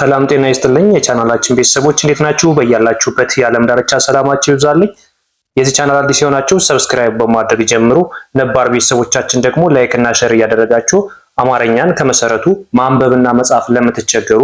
ሰላም ጤና ይስጥልኝ የቻናላችን ቤተሰቦች እንዴት ናችሁ? በያላችሁበት የዓለም ዳርቻ ሰላማችሁ ይብዛልኝ። የዚህ ቻናል አዲስ የሆናችሁ ሰብስክራይብ በማድረግ ጀምሩ። ነባር ቤተሰቦቻችን ደግሞ ላይክ እና ሸር እያደረጋችሁ አማርኛን ከመሰረቱ ማንበብና መጻፍ ለምትቸገሩ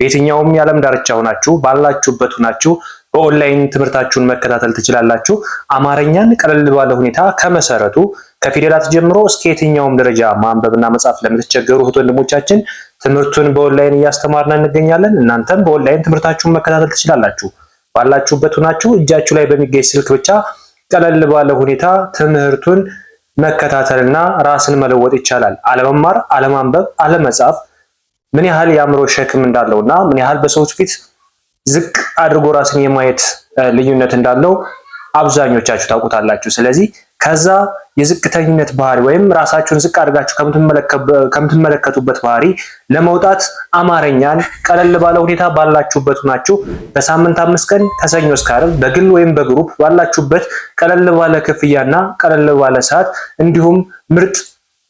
በየትኛውም የዓለም ዳርቻ ሆናችሁ ባላችሁበት ሆናችሁ በኦንላይን ትምህርታችሁን መከታተል ትችላላችሁ። አማርኛን ቀለል ባለ ሁኔታ ከመሰረቱ ከፊደላት ጀምሮ እስከ የትኛውም ደረጃ ማንበብና መጻፍ ለምትቸገሩ እህት ወንድሞቻችን ትምህርቱን በኦንላይን እያስተማርን እንገኛለን። እናንተም በኦንላይን ትምህርታችሁን መከታተል ትችላላችሁ። ባላችሁበት ሆናችሁ እጃችሁ ላይ በሚገኝ ስልክ ብቻ ቀለል ባለ ሁኔታ ትምህርቱን መከታተልና ራስን መለወጥ ይቻላል። አለመማር፣ አለማንበብ፣ አለመጻፍ ምን ያህል የአእምሮ ሸክም እንዳለውና ምን ያህል በሰዎች ፊት ዝቅ አድርጎ ራስን የማየት ልዩነት እንዳለው አብዛኞቻችሁ ታውቁታላችሁ። ስለዚህ ከዛ የዝቅተኝነት ባህሪ ወይም ራሳችሁን ዝቅ አድርጋችሁ ከምትመለከቱበት ባህሪ ለመውጣት አማርኛን ቀለል ባለ ሁኔታ ባላችሁበት ሁናችሁ በሳምንት አምስት ቀን ከሰኞ እስከ ዓርብ በግል ወይም በግሩፕ ባላችሁበት ቀለል ባለ ክፍያና ቀለል ባለ ሰዓት እንዲሁም ምርጥ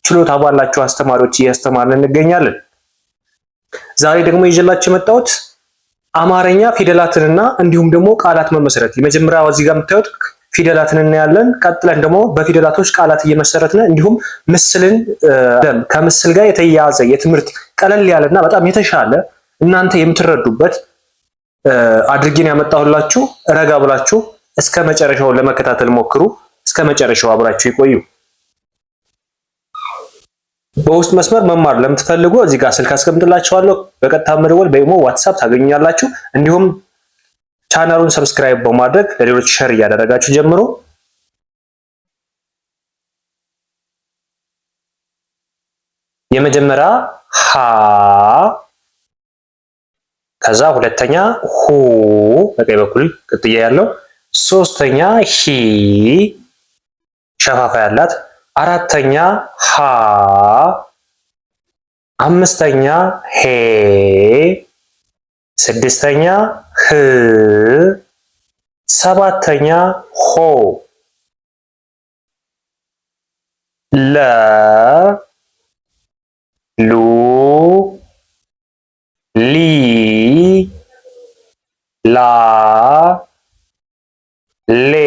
ችሎታ ባላችሁ አስተማሪዎች እያስተማርን እንገኛለን። ዛሬ ደግሞ ይዤላችሁ የመጣሁት አማርኛ ፊደላትንና እንዲሁም ደግሞ ቃላት መመስረት የመጀመሪያ እዚህ ጋር የምታዩት ፊደላትን እናያለን። ቀጥለን ደግሞ በፊደላቶች ቃላት እየመሰረትን እንዲሁም ምስልን ከምስል ጋር የተያያዘ የትምህርት ቀለል ያለና በጣም የተሻለ እናንተ የምትረዱበት አድርጌን ያመጣሁላችሁ። ረጋ ብላችሁ እስከ መጨረሻው ለመከታተል ሞክሩ። እስከ መጨረሻው አብራችሁ ይቆዩ። በውስጥ መስመር መማር ለምትፈልጉ እዚህ ጋር ስልክ አስቀምጥላችኋለሁ። በቀጥታ መደወል በኢሞ ዋትሳፕ ታገኙኛላችሁ። እንዲሁም ቻናሉን ሰብስክራይብ በማድረግ ለሌሎች ሸር እያደረጋችሁ ጀምሮ የመጀመሪያ ሀ ከዛ ሁለተኛ ሁ በቀኝ በኩል ቅጥያ ያለው ሶስተኛ ሂ ሸፋፋ ያላት አራተኛ ሀ አምስተኛ ሄ ስድስተኛ ህ ሰባተኛ ሆ ለ ሉ ሊ ላ ሌ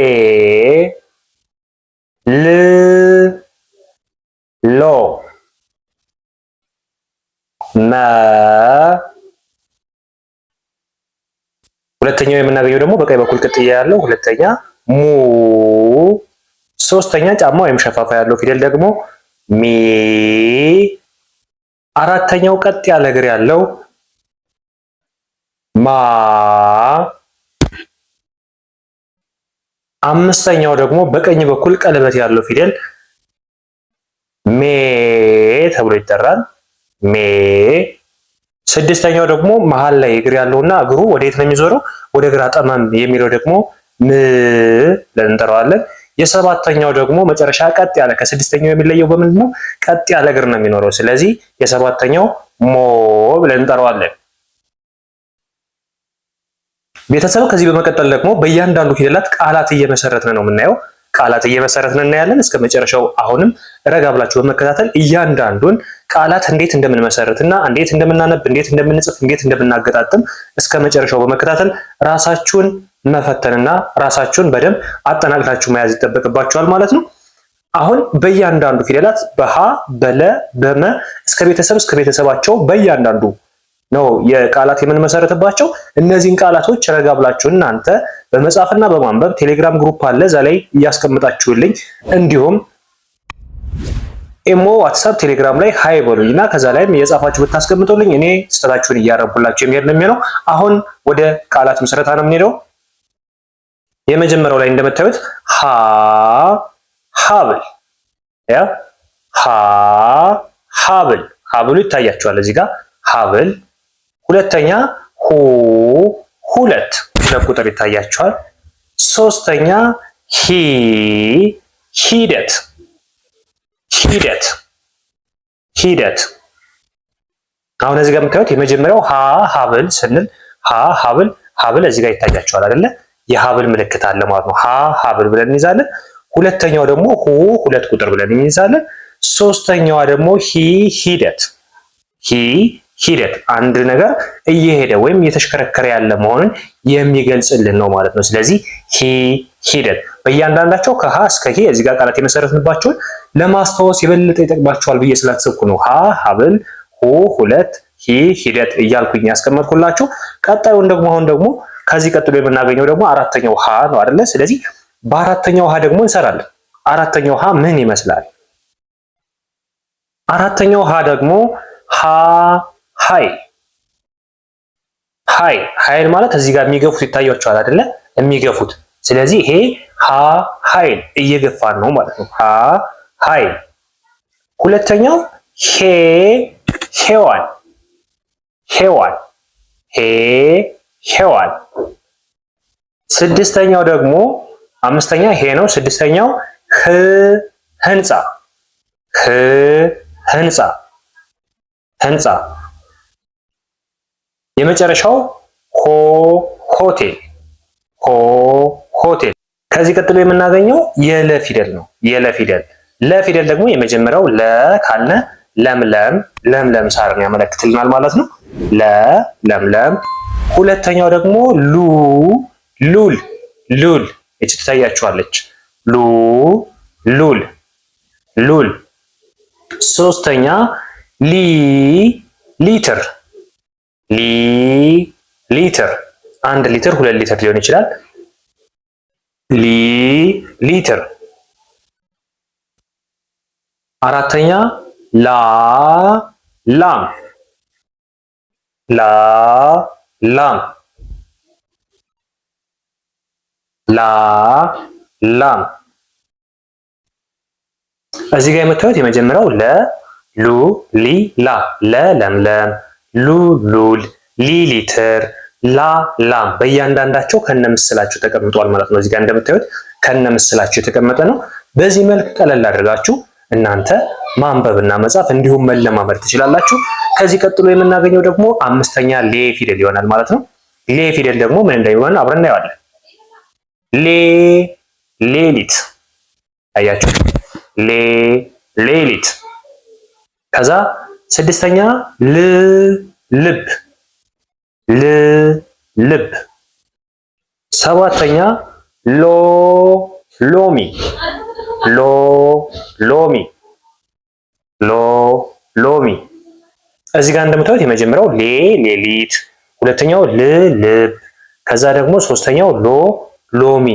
ል መ ሁለተኛው የምናገኘው ደግሞ በቀኝ በኩል ቅጥያ ያለው ሁለተኛ ሙ። ሶስተኛ ጫማ ወይም ሸፋፋ ያለው ፊደል ደግሞ ሚ። አራተኛው ቀጥ ያለ እግር ያለው ማ። አምስተኛው ደግሞ በቀኝ በኩል ቀለበት ያለው ፊደል ሜ ተብሎ ይጠራል። ሜ። ስድስተኛው ደግሞ መሀል ላይ እግር ያለውና እግሩ የት ነው የሚዞረው? ወደ ግራ ጠመም የሚለው ደግሞ ም ብለን እንጠራዋለን። የሰባተኛው ደግሞ መጨረሻ ቀጥ ያለ ከስድስተኛው የሚለየው በምንድን ነው? ቀጥ ያለ እግር ነው የሚኖረው። ስለዚህ የሰባተኛው ሞ ብለን እንጠራዋለን። ቤተሰብ ከዚህ በመቀጠል ደግሞ በእያንዳንዱ ፊደላት ቃላት እየመሰረትን ነው የምናየው። ቃላት እየመሰረትን እናያለን። እስከ መጨረሻው አሁንም ረጋ ብላችሁ በመከታተል እያንዳንዱን ቃላት እንዴት እንደምንመሰረት እና እንዴት እንደምናነብ፣ እንዴት እንደምንጽፍ፣ እንዴት እንደምናገጣጥም እስከ መጨረሻው በመከታተል ራሳችሁን መፈተንና ራሳችሁን በደንብ አጠናቅታችሁ መያዝ ይጠበቅባችኋል ማለት ነው። አሁን በእያንዳንዱ ፊደላት በሀ በለ በመ እስከ ቤተሰብ እስከ ቤተሰባቸው በእያንዳንዱ ነው የቃላት የምንመሰረትባቸው። እነዚህን ቃላቶች ረጋ ብላችሁ እናንተ በመጻፍና በማንበብ ቴሌግራም ግሩፕ አለ፣ እዛ ላይ እያስቀምጣችሁልኝ እንዲሁም ኢሞ፣ ዋትሳፕ፣ ቴሌግራም ላይ ሀይ በሉኝ እና ከዛ ላይም እየጻፋችሁ ብታስቀምጡልኝ እኔ ስህተታችሁን እያረቡላችሁ የሚሄድ ነው የሚሆነው። አሁን ወደ ቃላት ምስረታ ነው የምንሄደው። የመጀመሪያው ላይ እንደምታዩት ሀ ሀብል ያ ሀ ሀብል ሀብሉ ይታያችኋል እዚህ ጋር ሀብል ሁለተኛ ሁ ሁለት ሁለት ቁጥር ይታያቸዋል። ሶስተኛ ሂ ሂደት ሂደት ሂደት አሁን እዚህ ጋር የምታዩት የመጀመሪያው ሀ ሀብል ስንል ሀ ሀብል ሀብል እዚህ ጋር ይታያቸዋል አይደለ? የሀብል ምልክት አለ ማለት ነው። ሀ ሀብል ብለን እንይዛለን። ሁለተኛው ደግሞ ሁ ሁለት ቁጥር ብለን እንይዛለን። ሶስተኛዋ ደግሞ ሂ ሂደት ሂ ሂደት አንድ ነገር እየሄደ ወይም እየተሽከረከረ ያለ መሆኑን የሚገልጽልን ነው ማለት ነው። ስለዚህ ሂ ሂደት በእያንዳንዳቸው ከሀ እስከ ሂ እዚህ ጋር ቃላት የመሰረትንባቸውን ለማስታወስ የበለጠ ይጠቅማቸዋል ብዬ ስላሰብኩ ነው። ሀ ሀብል፣ ሁ ሁለት፣ ሂ ሂደት እያልኩኝ ያስቀመጥኩላችሁ። ቀጣዩን ደግሞ አሁን ደግሞ ከዚህ ቀጥሎ የምናገኘው ደግሞ አራተኛው ሀ ነው አይደለ? ስለዚህ በአራተኛው ሀ ደግሞ እንሰራለን። አራተኛው ሀ ምን ይመስላል? አራተኛው ሀ ደግሞ ሀ ሀይ ሀይ ሀይል ማለት እዚህ ጋር የሚገፉት ይታያቸዋል አይደለ? የሚገፉት ስለዚህ ይሄ ሀ ሀይል እየገፋን ነው ማለት ነው። ሀ ሀይል። ሁለተኛው ሄ ሄዋን ሄዋን ሄ ሄዋን። ስድስተኛው ደግሞ አምስተኛ ሄ ነው። ስድስተኛው ህ ህንፃ ህ ህንፃ ህንፃ የመጨረሻው ሆ ሆቴል ሆ ሆቴል። ከዚህ ቀጥሎ የምናገኘው የለ ፊደል ነው። የለ ፊደል ለ ፊደል ደግሞ የመጀመሪያው ለ ካልነ ለምለም ለምለም ሳርን ያመለክትልናል ማለት ነው። ለ ለምለም። ሁለተኛው ደግሞ ሉ ሉል ሉል እች ትታያችኋለች። ሉ ሉል ሉል። ሶስተኛ ሊ ሊትር ሊ ሊትር አንድ ሊትር ሁለት ሊትር ሊሆን ይችላል። ሊ ሊትር። አራተኛ ላ ላም ላ ላም ላ ላም። እዚህ ጋር የምታዩት የመጀመሪያው ለ ሉ ሊ ላ ለ ለምለም ሉ ሉል፣ ሊ ሊትር፣ ላ ላም በእያንዳንዳቸው ከነ ምስላቸው ተቀምጧል ማለት ነው። እዚጋ እንደምታዩት ከነ ምስላቸው የተቀመጠ ነው። በዚህ መልክ ቀለል አድርጋችሁ እናንተ ማንበብና መጻፍ እንዲሁም መለማመድ ትችላላችሁ። ከዚህ ቀጥሎ የምናገኘው ደግሞ አምስተኛ ሌ ፊደል ይሆናል ማለት ነው። ሌ ፊደል ደግሞ ምን እንደሚሆን አብረን እናየዋለን። ሌ ሌሊት፣ አያችሁ ሌ ሌሊት ከዛ ስድስተኛ ል ልብ ል ልብ። ሰባተኛ ሎ ሎሚ ሎ ሎሚ ሎ ሎሚ። እዚህ ጋር እንደምታዩት የመጀመሪያው ሌ ሌሊት፣ ሁለተኛው ል ልብ፣ ከዛ ደግሞ ሶስተኛው ሎ ሎሚ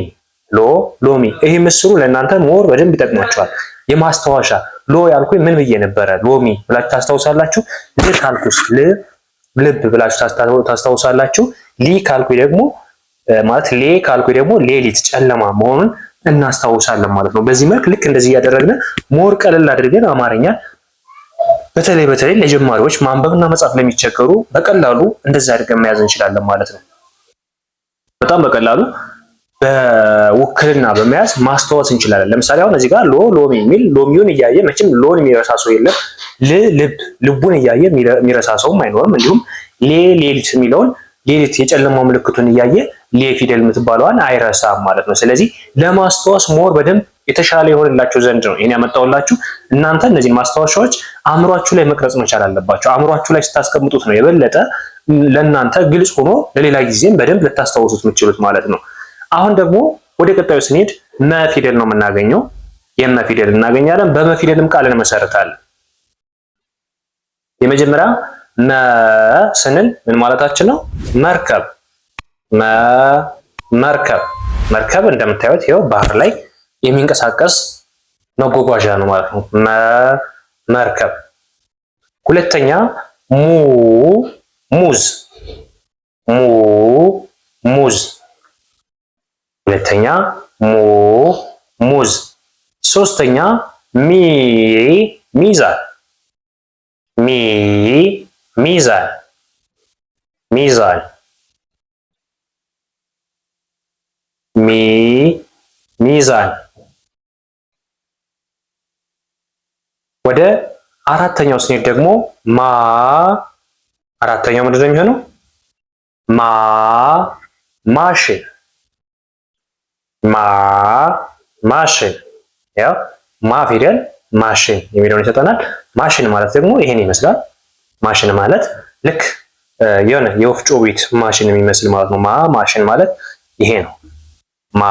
ሎ ሎሚ። ይህ ምስሉ ለእናንተ ሞር በደንብ ይጠቅማችኋል። የማስታወሻ ሎ ያልኩኝ ምን ብዬ ነበረ? ሎሚ ብላችሁ ታስታውሳላችሁ። ል ካልኩስ ል ልብ ብላችሁ ታስታውሳላችሁ። ሊ ካልኩ ደግሞ ማለት ሌ ካልኩ ደግሞ ሌሊት ጨለማ መሆኑን እናስታውሳለን ማለት ነው። በዚህ መልክ ልክ እንደዚህ እያደረግን ሞር ቀለል አድርገን አማርኛ በተለይ በተለይ ለጀማሪዎች ማንበብና መጻፍ ለሚቸገሩ በቀላሉ እንደዚህ አድርገን መያዝ እንችላለን ማለት ነው። በጣም በቀላሉ በውክልና በመያዝ ማስታወስ እንችላለን። ለምሳሌ አሁን እዚህ ጋር ሎ ሎሚ የሚል ሎሚውን እያየ መቼም ሎን የሚረሳ ሰው የለም። ል ልብ ልቡን እያየ የሚረሳ ሰውም አይኖርም። እንዲሁም ሌ ሌሊት የሚለውን ሌሊት የጨለማው ምልክቱን እያየ ሌ ፊደል የምትባለዋን አይረሳም ማለት ነው። ስለዚህ ለማስታወስ ሞር በደንብ የተሻለ የሆንላቸው ዘንድ ነው ይህን ያመጣውላችሁ። እናንተ እነዚህን ማስታወሻዎች አእምሯችሁ ላይ መቅረጽ መቻል አለባቸው። አእምሯችሁ ላይ ስታስቀምጡት ነው የበለጠ ለእናንተ ግልጽ ሆኖ ለሌላ ጊዜም በደንብ ልታስታውሱት የምትችሉት ማለት ነው። አሁን ደግሞ ወደ ቀጣዩ ስንሄድ መፊደል ነው የምናገኘው። ፊደል እናገኛለን። በመፊደልም ቃል እንመሰርታለን። የመጀመሪያ መ ስንል ምን ማለታችን ነው? መርከብ መ መርከብ መርከብ እንደምታዩት ይኸው ባህር ላይ የሚንቀሳቀስ መጓጓዣ ነው ማለት ነው። መ መርከብ። ሁለተኛ ሙ ሙዝ ሙ ሙዝ ሁለተኛ ሙ ሙዝ፣ ሶስተኛ ሚ ሚዛን ሚ ሚዛን ሚዛን ሚ ሚዛን። ወደ አራተኛው ስንሄድ ደግሞ ማ አራተኛው ምንድነው የሚሆነው? ማ ማሽን ማ ማሽን ያው ማ ፊደል ማሽን የሚለውን ይሰጠናል። ማሽን ማለት ደግሞ ይሄን ይመስላል። ማሽን ማለት ልክ የሆነ የወፍጮ ቤት ማሽን የሚመስል ማለት ነው። ማ ማሽን ማለት ይሄ ነው። ማ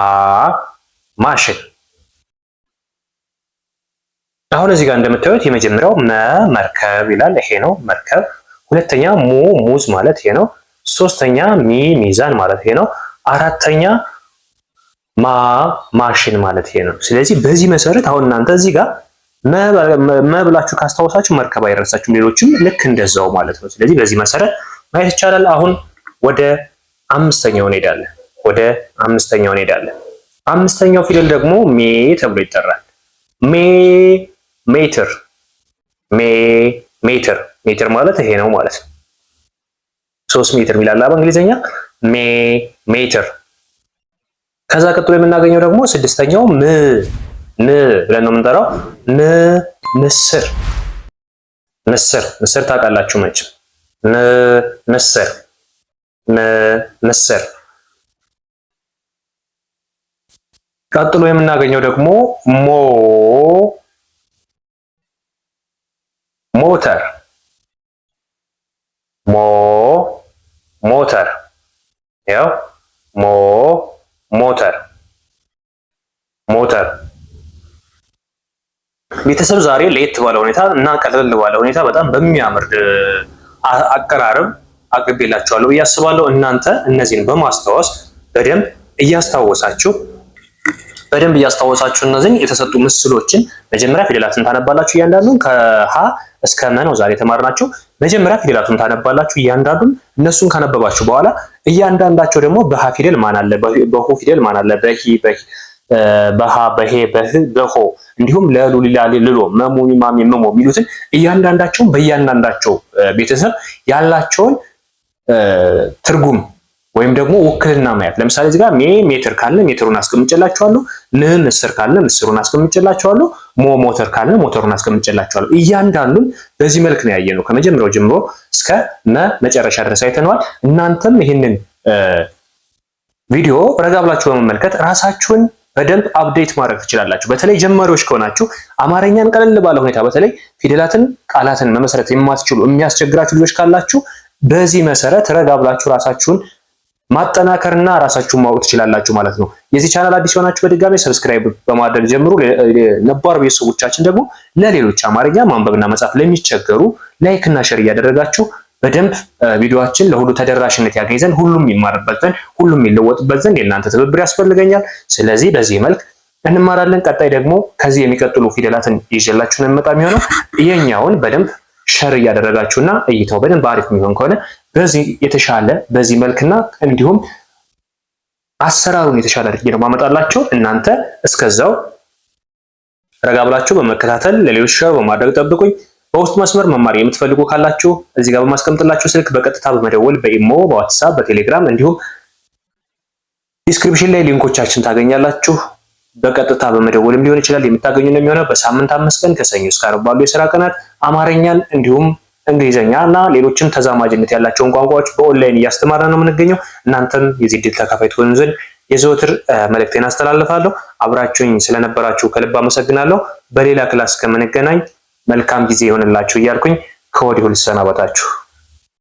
ማሽን አሁን እዚህ ጋር እንደምታዩት የመጀመሪያው መ መርከብ ይላል። ይሄ ነው መርከብ። ሁለተኛ ሙ ሙዝ ማለት ይሄ ነው። ሶስተኛ ሚ ሚዛን ማለት ይሄ ነው። አራተኛ ማ ማሽን ማለት ይሄ ነው። ስለዚህ በዚህ መሰረት አሁን እናንተ እዚህ ጋር መብላችሁ ካስታወሳችሁ መርከብ አይረሳችሁም። ሌሎችም ልክ እንደዛው ማለት ነው። ስለዚህ በዚህ መሰረት ማየት ይቻላል። አሁን ወደ አምስተኛው እንሄዳለን። ወደ አምስተኛው እንሄዳለን። አምስተኛው ፊደል ደግሞ ሜ ተብሎ ይጠራል። ሜ ሜትር፣ ሜ ሜትር፣ ሜትር ማለት ይሄ ነው ማለት ነው። ሶስት ሜትር የሚላል በእንግሊዝኛ ሜ ሜትር ከዛ ቀጥሎ የምናገኘው ደግሞ ስድስተኛው ም ም ብለን ነው የምንጠራው። ም ምስር ምስር ምስር ታውቃላችሁ መቼም ም ምስር ም ምስር። ቀጥሎ የምናገኘው ደግሞ ሞ ሞተር ቤተሰብ ዛሬ ለየት ባለ ሁኔታ እና ቀለል ባለ ሁኔታ በጣም በሚያምር አቀራረብ አቅርቤላችኋለሁ ብዬ አስባለሁ። እናንተ እነዚህን በማስታወስ በደንብ እያስታወሳችሁ በደንብ እያስታወሳችሁ እነዚህን የተሰጡ ምስሎችን መጀመሪያ ፊደላትን ታነባላችሁ። እያንዳንዱን ከሀ እስከ መ ነው ዛሬ የተማርናቸው። መጀመሪያ ፊደላቱን ታነባላችሁ እያንዳንዱን። እነሱን ካነበባችሁ በኋላ እያንዳንዳቸው ደግሞ በሀ ፊደል ማን አለ፣ በሁ ፊደል ማን አለ፣ በሂ በሂ በሃ በሄ በህ በሆ እንዲሁም ለሉ ሊላ ልሎ መሙሚ ማሚ መሞ የሚሉትን እያንዳንዳቸውን በእያንዳንዳቸው ቤተሰብ ያላቸውን ትርጉም ወይም ደግሞ ውክልና ማየት። ለምሳሌ እዚህ ጋር ሜ ሜትር ካለ ሜትሩን አስቀምጬላችኋለሁ። ንን ምስር ካለ ንስሩን አስቀምጬላችኋለሁ። ሞ ሞተር ካለ ሞተሩን አስቀምጬላችኋለሁ። እያንዳንዱን በዚህ መልክ ነው ያየነው ከመጀመሪያው ጀምሮ እስከ መ መጨረሻ ድረስ አይተነዋል። እናንተም ይህንን ቪዲዮ ረጋ ብላችሁ በመመልከት ራሳችሁን በደንብ አፕዴት ማድረግ ትችላላችሁ። በተለይ ጀማሪዎች ከሆናችሁ አማርኛን ቀለል ባለ ሁኔታ በተለይ ፊደላትን፣ ቃላትን መመሰረት የማትችሉ የሚያስቸግራችሁ ልጆች ካላችሁ በዚህ መሰረት ረጋ ብላችሁ ራሳችሁን ማጠናከርና ራሳችሁን ማወቅ ትችላላችሁ ማለት ነው። የዚህ ቻናል አዲስ የሆናችሁ በድጋሚ ሰብስክራይብ በማድረግ ጀምሩ። ነባር ቤተሰቦቻችን ደግሞ ለሌሎች አማርኛ ማንበብና መጻፍ ለሚቸገሩ ላይክና ሸር እያደረጋችሁ በደንብ ቪዲዮችን ለሁሉ ተደራሽነት ያገኝ ዘንድ ሁሉም ይማርበት ዘንድ ሁሉም ይለወጥበት ዘንድ የእናንተ ትብብር ያስፈልገኛል። ስለዚህ በዚህ መልክ እንማራለን። ቀጣይ ደግሞ ከዚህ የሚቀጥሉ ፊደላትን ነው እንመጣ የሚሆነው የኛውን በደንብ ሸር እያደረጋችሁና እይታው በደንብ አሪፍ የሚሆን ከሆነ በዚህ የተሻለ በዚህ መልክና እንዲሁም አሰራሩን የተሻለ አድርጌ ነው ማመጣላችሁ። እናንተ እስከዛው ረጋ ብላችሁ በመከታተል ለሌሎች ሸር በማድረግ ጠብቁኝ። በውስጥ መስመር መማር የምትፈልጉ ካላችሁ እዚህ ጋር በማስቀምጥላችሁ ስልክ በቀጥታ በመደወል በኢሞ፣ በዋትሳፕ፣ በቴሌግራም እንዲሁም ዲስክሪፕሽን ላይ ሊንኮቻችን ታገኛላችሁ። በቀጥታ በመደወልም ሊሆን ይችላል የምታገኙ ነው የሚሆነው። በሳምንት አምስት ቀን ከሰኞ እስከ ዓርብ ባሉ የስራ ቀናት አማርኛን እንዲሁም እንግሊዘኛ እና ሌሎችም ተዛማጅነት ያላቸውን ቋንቋዎች በኦንላይን እያስተማረ ነው የምንገኘው። እናንተም የዚህ ድል ተካፋይ ትሆኑ ዘንድ የዘወትር መልእክቴን አስተላልፋለሁ። አብራችሁኝ ስለነበራችሁ ከልብ አመሰግናለሁ። በሌላ ክላስ ከምንገናኝ መልካም ጊዜ ይሆንላችሁ እያልኩኝ ከወዲሁ ልሰናበታችሁ።